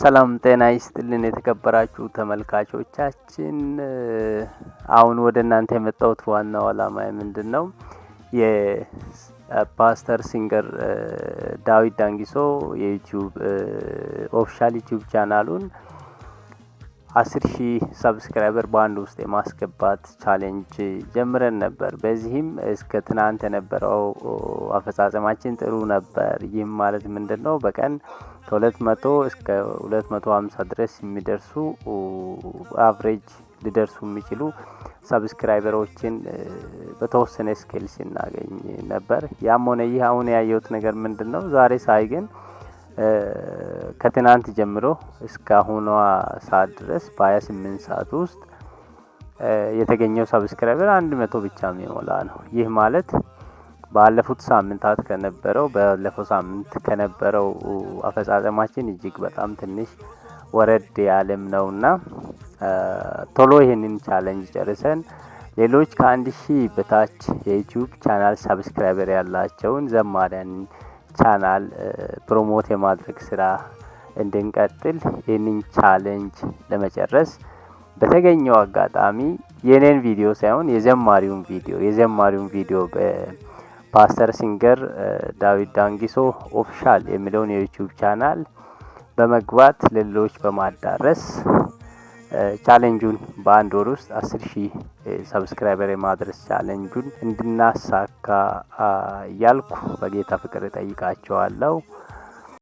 ሰላም ጤና ይስጥልን የተከበራችሁ ተመልካቾቻችን፣ አሁን ወደ እናንተ የመጣሁት ዋናው አላማ ምንድን ነው? የፓስተር ሲንገር ዳዊት ዳንጊሶ የዩቲዩብ ኦፊሻል ዩቲዩብ ቻናሉን አስር ሺህ ሰብስክራይበር በአንድ ውስጥ የማስገባት ቻሌንጅ ጀምረን ነበር። በዚህም እስከ ትናንት የነበረው አፈጻጸማችን ጥሩ ነበር። ይህም ማለት ምንድን ነው? በቀን ከሁለት መቶ እስከ ሁለት መቶ ሀምሳ ድረስ የሚደርሱ አቨሬጅ ሊደርሱ የሚችሉ ሰብስክራይበሮችን በተወሰነ ስኬል ሲናገኝ ነበር። ያም ሆነ ይህ አሁን ያየሁት ነገር ምንድን ነው? ዛሬ ሳይ ግን ከትናንት ጀምሮ እስከ አሁኗ ሰዓት ድረስ በ28 ሰዓት ውስጥ የተገኘው ሰብስክራይበር አንድ መቶ ብቻ የሚሞላ ነው። ይህ ማለት ባለፉት ሳምንታት ከነበረው ባለፈው ሳምንት ከነበረው አፈጻጸማችን እጅግ በጣም ትንሽ ወረድ ያለም ነው እና ቶሎ ይህንን ቻለንጅ ጨርሰን ሌሎች ከአንድ ሺህ በታች የዩቲዩብ ቻናል ሰብስክራይበር ያላቸውን ዘማሪያን ቻናል ፕሮሞት የማድረግ ስራ እንድንቀጥል ይህንን ቻሌንጅ ለመጨረስ በተገኘው አጋጣሚ የኔን ቪዲዮ ሳይሆን የዘማሪውን ቪዲዮ የዘማሪውን ቪዲዮ በፓስተር ሲንገር ዳዊት ዳንጊሶ ኦፊሻል የሚለውን የዩቲዩብ ቻናል በመግባት ለሌሎች በማዳረስ ቻሌንጁን በአንድ ወር ውስጥ አስር ሺህ ሰብስክራይበር የማድረስ ቻሌንጁን እንድናሳካ እያልኩ በጌታ ፍቅር ጠይቃቸዋለው